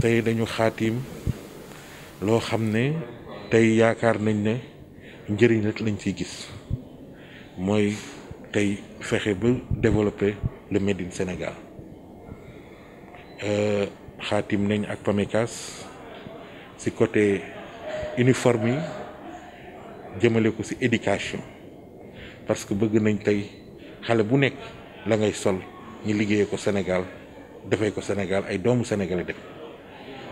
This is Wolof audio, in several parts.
tey dañu xaatim loo xam ne tey yaakaar nañ ne njëriñ rek lañ ci gis mooy tey fexe ba développer le made in Sénégal euh, xaatim nañ ak PAMECAS ci côté uniforme yi jëmale ko ci éducation parce que bëgg nañ tey xale bu nekk la ngay sol ñu liggéeyee ko Sénégal defee ko Sénégal ay doomu sénégalais def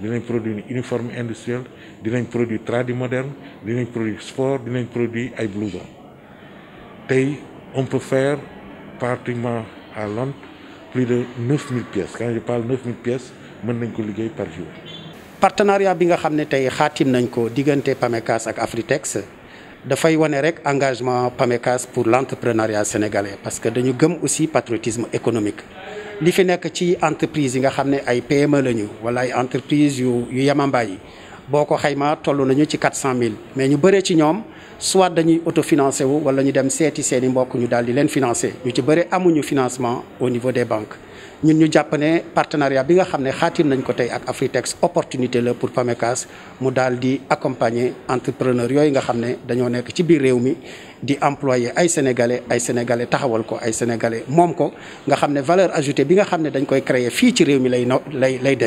dinañ produit uniforme industriel dinañ produit tradi moderne dinañ produit sport dinañ produit ay blouson tey on peut faire pratiquement à Londres plus de 9000 pièces quand je parle 9000 pièces mën nañ ko liggéey par jour. partenariat bi nga xam ne tey xaatim nañ ko diggante PAMECAS ak Afritex dafay wane rek engagement PAMECAS pour l' entrepreneuriat sénégalais parce que dañu gëm aussi patriotisme économique. li fi nekk ci entreprise yi nga xam ne ay PME lañu wala ay entreprise yu yu yemambaay yi Boko xeyma tollu nañu ci quatre mais ñu bëré ci ñom soit dañuy autofinancer wu wala ñu dem séti séni mbokk ñu daal di leen financer ñu ci bëré amuñu financement au niveau des banques ñun ñu jàpp partenariat bi nga xamné ne nañ ko tay ak Afritex opportunité la pour PAMECAS mu daal di accompagner entrepreneur yoy nga xamné dañoo nekk ci biir réew mi di employé ay sénégalais ay sénégalais taxawal ko ay sénégalais mom ko nga xamné valeur ajoutée bi nga xamné dañ koy créer fi ci réew mi lay lay lay